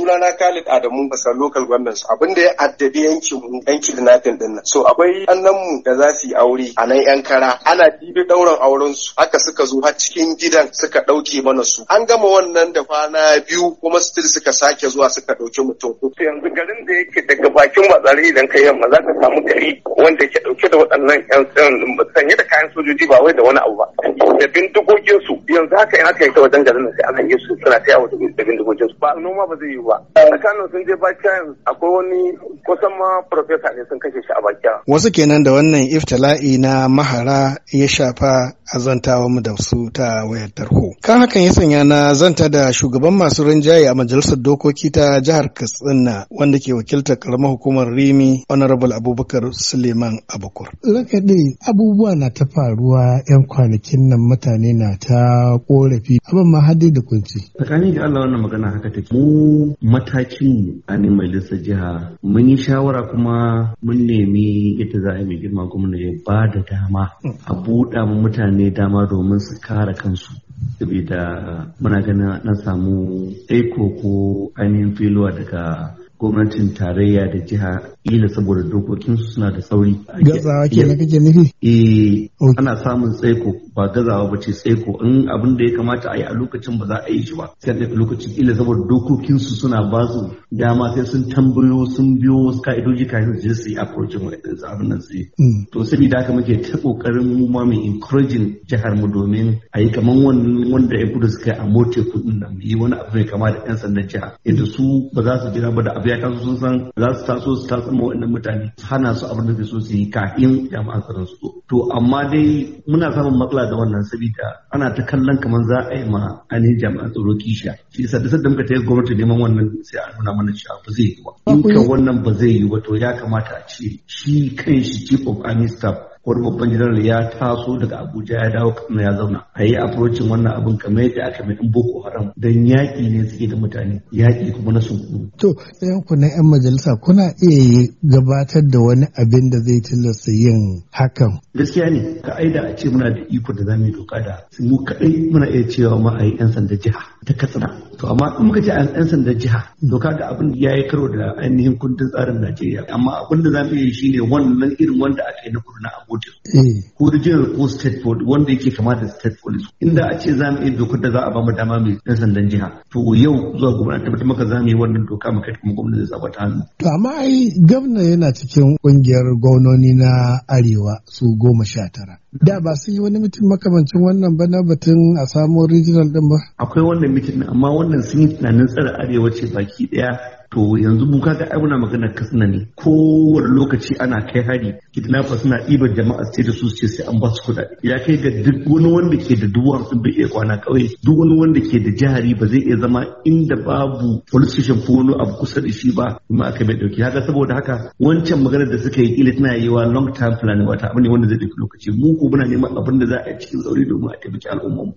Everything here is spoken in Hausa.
sunana Khalid Adamu basar local governance abin da ya addabi yankin mu yan kidnapping din nan so akwai annan mu da za su yi aure a nan yan kara ana dibi dauran auren su haka suka zo har cikin gidan suka dauke mana su an gama wannan da kwana biyu kuma still suka sake zuwa suka dauki mutum yanzu garin da yake daga bakin watsari idan kai yamma za ka samu gari wanda ke dauke da waɗannan yan sanye da kayan sojoji ba wai da wani abu ba da bindigogin su yanzu haka yana aka yi ta wajen garin sai an hange su suna ta yawo da bindigogin su ba noma ba zai yi ba tsakanin eh. sun je bakin akwai wani kusan ma profesa ne sun kashe shi a bakin. wasu kenan da wannan iftila'i na mahara ya shafa azantawa mu da su ta wayar tarho kan hakan ya sanya na zanta da shugaban masu rinjaye a majalisar dokoki ta jihar katsina wanda ke wakiltar karamar hukumar rimi honorable abubakar suleiman abukur lakaɗe abubuwa na ta faruwa yan kwanakin nan mutane na ta korafi abin ma da kunci tsakani da allah wannan magana haka take matakin a ne majalisar jiha mun yi shawara kuma mun nemi ita za a yi mai girma gwamna ya ba da dama a buɗa mutane dama domin su kare kansu saboda muna ganin an samu aiko ko ainihin filowa daga gwamnatin tarayya da jiha ila saboda dokokin su suna da sauri. Gazawa ke na kake nufi? Eh, ana samun tsaiko ba gazawa ba ce tsaiko in abin da ya kamata a yi a lokacin ba za a yi shi ba. Sai da lokacin ila saboda dokokin su suna ba su dama sai sun tambayo sun biyo wasu ka'idoji kafin su su yi approaching wa'in su abin nan su yi. Hmm. To da haka muke ta kokarin mu ma mu encouraging jihar mu domin a yi kamar wanda ya kudu suka yi a mote kudin nan yi wani abu mai kama da 'yan sandan jiha. Yadda su ba za su jira ba da abin ya taso sun san za su taso su taso ma mutane, mutane hana su abin da so su yi kafin jami'an tsaron su to amma dai muna samun matsala da wannan sabida ana ta kallon kamar za a yi ma ainihin jami'an tsaro kisha shi sa da muka ta yi gwamnati neman wannan sai a nuna mana cewa ba zai yi ba in ka wannan ba zai yi ba to ya kamata a ce shi kan shi chief of army staff wani babban general ya taso daga abuja ya dawo kano ya zauna a yi aprocin wannan abin kamar yadda aka mai boko haram don yaƙi ne suke da mutane yaƙi kuma na sunkuru. to ɗayan ku na yan majalisa kuna iya gabatar da wani abin da zai tilasta yin hakan. gaskiya ne ka aida a ce muna da iko da zamu yi doka da mu kaɗai muna iya cewa ma a yi yan sanda jiha ta katsina amma in muka ce yan sandan jiha doka da abin ya yi karo da ainihin kundin tsarin Najeriya amma abin da za mu yi shine wannan irin wanda aka yi na kudu na Abuja eh. ko regional ko state police wanda yake kama da state police inda a ce za mu yi dokar da za a ba mu dama mai yan sandan jiha to yau zuwa gobe an tabbatar maka za mu yi wannan doka mu kai kuma gwamnati zai ta hannu to amma ai gwamna yana cikin kungiyar gwamnoni na Arewa su goma sha tara da ba su yi wani mutum makamancin wannan bana batun a samu original din ba akwai wannan mutum amma wannan sun yi tunanin tsara arewa ce baki daya to yanzu mu kaga ai muna magana kasna ne kowane lokaci ana kai hari Kidnafa suna ibar jama'a sai da su ce sai an ba su kuɗaɗe ya kai ga duk wani wanda ke da duwa sun bai iya kwana kauye duk wani wanda ke da jihari ba zai iya zama inda babu police station ko wani abu kusa da shi ba kuma aka bai dauki haka saboda haka wancan maganar da suka yi kila tana yiwa long term planning wata abu ne wanda zai dauki lokaci mu ko muna neman abin da za a yi cikin sauri domin a taimaki al'umma